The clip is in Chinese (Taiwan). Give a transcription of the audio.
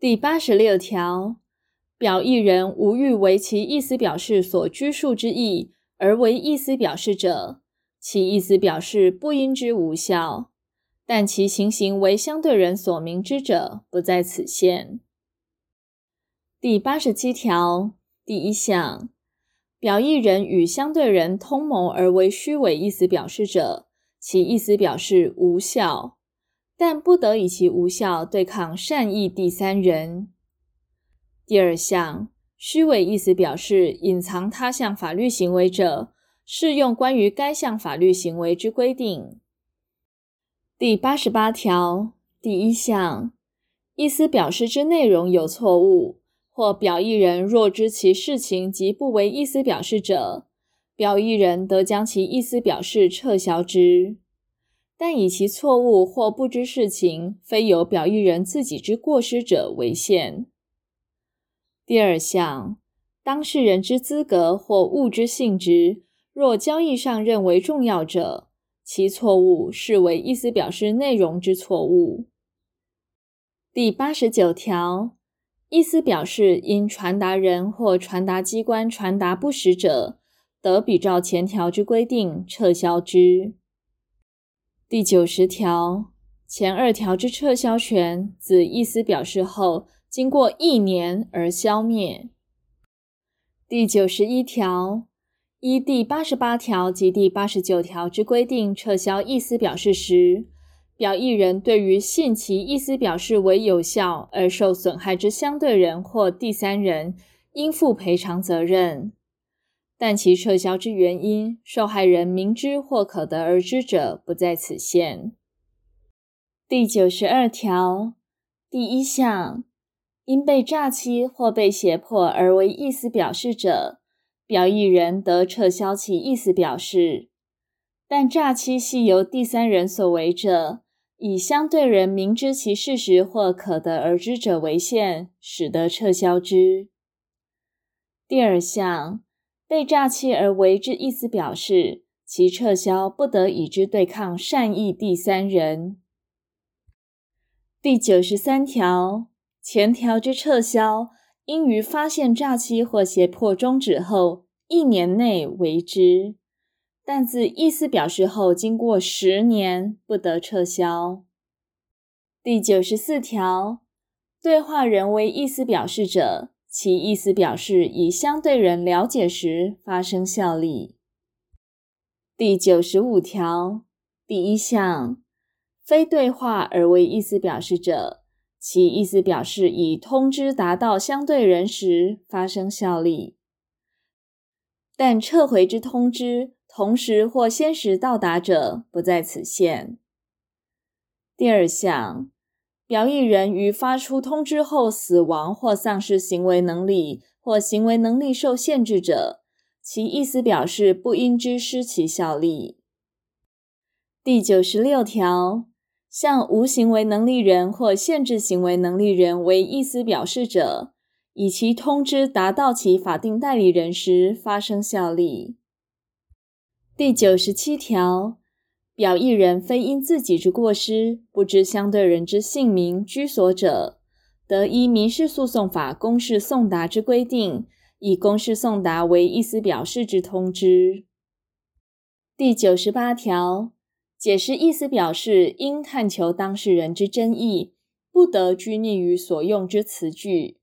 第八十六條，表意人無欲為其意思表示所拘束之意而為意思表示者，其意思表示不因之無效；但其情形為相對人所明知者，不在此限。第八十七條第一項，表意人與相對人通謀而為虛偽意思表示者，其意思表示無效。但不得以其無效對抗善意第三人。第二項，虛偽意思表示隱藏他項法律行為者，適用關於該項法律行為之規定。第八十八條第一項，意思表示之內容有錯誤，或表意人若知其事情即不為意思表示者，表意人得將其意思表示撤銷之。但以其錯誤或不知事情，非由表意人自己之過失者為限。第二項，當事人之資格或物之性質，若交易上認為重要者，其錯誤視為意思表示內容之錯誤。第八十九條，意思表示因傳達人或傳達機關傳達不實者，得比照前條之規定撤銷之。第九十條，前二條之撤銷權，自意思表示後經過一年而消滅。第九十一條，依第八十八條及第八十九條之規定撤銷意思表示時，表意人對於信其意思表示為有效而受損害之相對人或第三人，應負賠償責任。但其撤銷之原因，受害人明知或可得而知者，不在此限。第九十二條第一項，因被詐欺或被脅迫而為意思表示者，表意人得撤銷其意思表示；但詐欺係由第三人所為者，以相對人明知其事實或可得而知者為限，始得撤銷之。第二項。被詐欺而為之意思表示，其撤銷不得以之對抗善意第三人。第九十三條，前條之撤銷，應於發現詐欺或脅迫終止後一年內為之，但自意思表示後經過十年不得撤銷。第九十四條，對話人為意思表示者。其意思表示以相對人了解時發生效力。第九十五條第一項，非對話而為意思表示者，其意思表示以通知達到相對人時發生效力，但撤回之通知同時或先時到達者不在此限。第二項。表意人於發出通知後死亡或喪失行為能力或行為能力受限制者，其意思表示不因之失其效力。第九十六條，向無行為能力人或限制行為能力人為意思表示者，以其通知達到其法定代理人時發生效力。第九十七條。表意人非因自己之過失，不知相對人之姓名、居所者，得依民事訴訟法公示送達之規定，以公示送達為意思表示之通知。第九十八條，解釋意思表示，應探求當事人之真意，不得拘泥於所用之詞句。